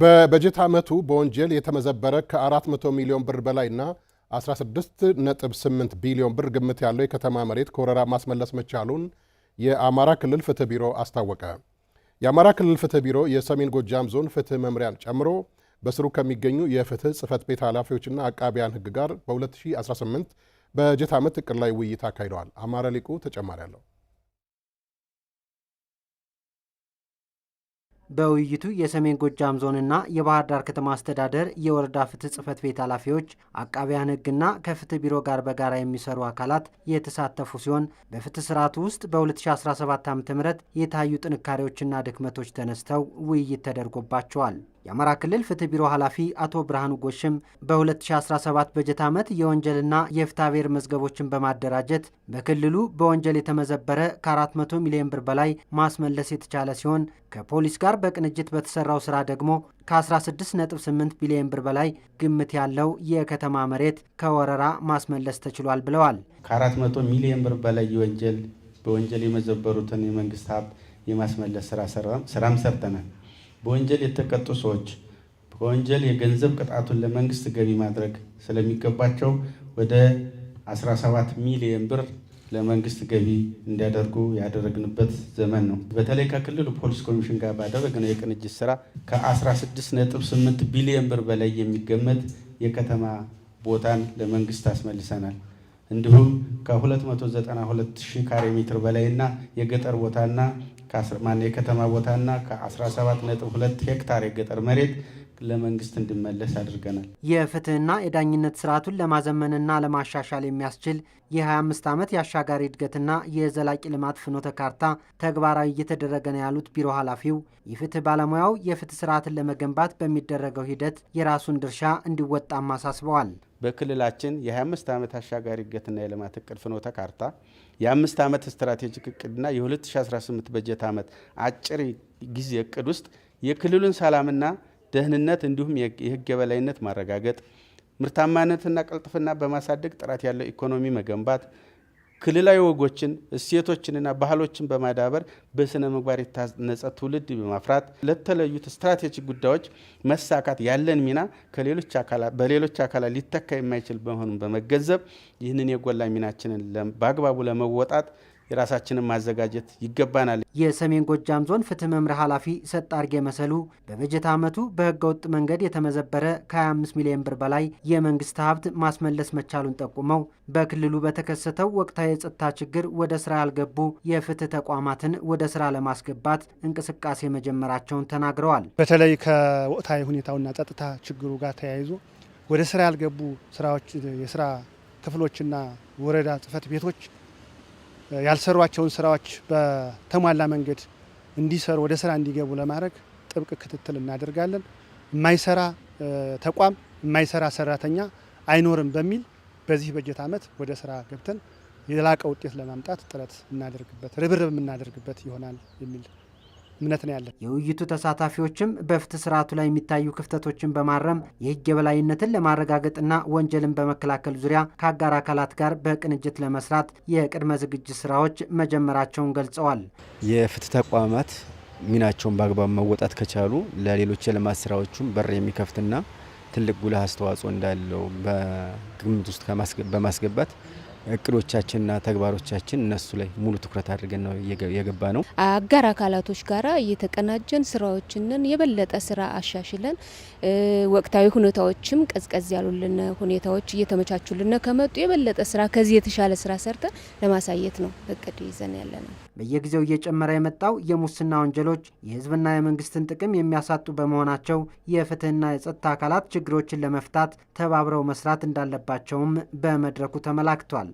በበጀት ዓመቱ በወንጀል የተመዘበረ ከ400 ሚሊዮን ብር በላይና 16.8 ቢሊዮን ብር ግምት ያለው የከተማ መሬት ከወረራ ማስመለስ መቻሉን የአማራ ክልል ፍትህ ቢሮ አስታወቀ። የአማራ ክልል ፍትህ ቢሮ የሰሜን ጎጃም ዞን ፍትህ መምሪያን ጨምሮ በስሩ ከሚገኙ የፍትህ ጽህፈት ቤት ኃላፊዎችና አቃቢያን ህግ ጋር በ2018 በጀት ዓመት እቅድ ላይ ውይይት አካሂደዋል። አማረ ሊቁ ተጨማሪ አለው። በውይይቱ የሰሜን ጎጃም ዞንና የባህር ዳር ከተማ አስተዳደር የወረዳ ፍትህ ጽህፈት ቤት ኃላፊዎች፣ አቃቢያን ህግና ከፍትህ ቢሮ ጋር በጋራ የሚሰሩ አካላት የተሳተፉ ሲሆን በፍትህ ስርዓቱ ውስጥ በ2017 ዓ ም የታዩ ጥንካሬዎችና ድክመቶች ተነስተው ውይይት ተደርጎባቸዋል። የአማራ ክልል ፍትህ ቢሮ ኃላፊ አቶ ብርሃኑ ጎሽም በ2017 በጀት ዓመት የወንጀልና የፍትሐብሔር መዝገቦችን በማደራጀት በክልሉ በወንጀል የተመዘበረ ከ400 ሚሊዮን ብር በላይ ማስመለስ የተቻለ ሲሆን ከፖሊስ ጋር በቅንጅት በተሰራው ስራ ደግሞ ከ16.8 ቢሊዮን ብር በላይ ግምት ያለው የከተማ መሬት ከወረራ ማስመለስ ተችሏል ብለዋል። ከ400 ሚሊዮን ብር በላይ የወንጀል በወንጀል የመዘበሩትን የመንግስት ሀብት የማስመለስ ስራም ሰርተናል። በወንጀል የተቀጡ ሰዎች በወንጀል የገንዘብ ቅጣቱን ለመንግስት ገቢ ማድረግ ስለሚገባቸው ወደ 17 ሚሊዮን ብር ለመንግስት ገቢ እንዲያደርጉ ያደረግንበት ዘመን ነው። በተለይ ከክልሉ ፖሊስ ኮሚሽን ጋር ባደረግነው የቅንጅት ስራ ከ16.8 ቢሊዮን ብር በላይ የሚገመት የከተማ ቦታን ለመንግስት አስመልሰናል። እንዲሁም ከ292 ሺህ ካሬ ሜትር በላይና የገጠር ቦታና ማን የከተማ ቦታና ከ17.2 ሄክታር የገጠር መሬት ለመንግስት እንዲመለስ አድርገናል። የፍትህና የዳኝነት ስርዓቱን ለማዘመንና ለማሻሻል የሚያስችል የ25 ዓመት የአሻጋሪ እድገትና የዘላቂ ልማት ፍኖተ ካርታ ተግባራዊ እየተደረገ ነው ያሉት ቢሮ ኃላፊው፣ የፍትህ ባለሙያው የፍትህ ስርዓትን ለመገንባት በሚደረገው ሂደት የራሱን ድርሻ እንዲወጣም አሳስበዋል። በክልላችን የ25 ዓመት አሻጋሪ እድገትና የልማት እቅድ ፍኖተ ካርታ የአምስት ዓመት ስትራቴጂክ እቅድና የ2018 በጀት ዓመት አጭር ጊዜ እቅድ ውስጥ የክልሉን ሰላምና ደህንነት እንዲሁም የህግ የበላይነት ማረጋገጥ፣ ምርታማነትና ቅልጥፍና በማሳደግ ጥራት ያለው ኢኮኖሚ መገንባት፣ ክልላዊ ወጎችን እሴቶችንና ባህሎችን በማዳበር በስነ ምግባር የታነጸ ትውልድ በማፍራት ለተለዩት ስትራቴጂክ ጉዳዮች መሳካት ያለን ሚና በሌሎች አካላት ሊተካ የማይችል መሆኑን በመገንዘብ ይህንን የጎላ ሚናችንን በአግባቡ ለመወጣት የራሳችንን ማዘጋጀት ይገባናል። የሰሜን ጎጃም ዞን ፍትህ መምሪያ ኃላፊ ሰጣርጌ መሰሉ በበጀት ዓመቱ በህገ ወጥ መንገድ የተመዘበረ ከ25 ሚሊዮን ብር በላይ የመንግስት ሀብት ማስመለስ መቻሉን ጠቁመው በክልሉ በተከሰተው ወቅታዊ የጸጥታ ችግር ወደ ስራ ያልገቡ የፍትህ ተቋማትን ወደ ስራ ለማስገባት እንቅስቃሴ መጀመራቸውን ተናግረዋል። በተለይ ከወቅታዊ ሁኔታውና ጸጥታ ችግሩ ጋር ተያይዞ ወደ ስራ ያልገቡ ስራዎች የስራ ክፍሎችና ወረዳ ጽህፈት ቤቶች ያልሰሯቸውን ስራዎች በተሟላ መንገድ እንዲሰሩ ወደ ስራ እንዲገቡ ለማድረግ ጥብቅ ክትትል እናደርጋለን። የማይሰራ ተቋም የማይሰራ ሰራተኛ አይኖርም በሚል በዚህ በጀት ዓመት ወደ ስራ ገብተን የላቀ ውጤት ለማምጣት ጥረት እናደርግበት ርብርብ የምናደርግበት ይሆናል የሚል እምነት ነው ያለን። የውይይቱ ተሳታፊዎችም በፍትህ ስርዓቱ ላይ የሚታዩ ክፍተቶችን በማረም የህግ የበላይነትን ለማረጋገጥና ወንጀልን በመከላከል ዙሪያ ከአጋር አካላት ጋር በቅንጅት ለመስራት የቅድመ ዝግጅት ስራዎች መጀመራቸውን ገልጸዋል። የፍትህ ተቋማት ሚናቸውን በአግባብ መወጣት ከቻሉ ለሌሎች የልማት ስራዎቹም በር የሚከፍትና ትልቅ ጉልህ አስተዋጽኦ እንዳለው በግምት ውስጥ በማስገባት እቅዶቻችንና ተግባሮቻችን እነሱ ላይ ሙሉ ትኩረት አድርገን ነው የገባ ነው። አጋር አካላቶች ጋራ እየተቀናጀን ስራዎችንን የበለጠ ስራ አሻሽለን ወቅታዊ ሁኔታዎችም ቀዝቀዝ ያሉልን ሁኔታዎች እየተመቻቹልን ከመጡ የበለጠ ስራ ከዚህ የተሻለ ስራ ሰርተን ለማሳየት ነው እቅድ ይዘን ያለ ነው። በየጊዜው እየጨመረ የመጣው የሙስና ወንጀሎች የህዝብና የመንግስትን ጥቅም የሚያሳጡ በመሆናቸው የፍትህና የጸጥታ አካላት ችግሮችን ለመፍታት ተባብረው መስራት እንዳለባቸውም በመድረኩ ተመላክቷል።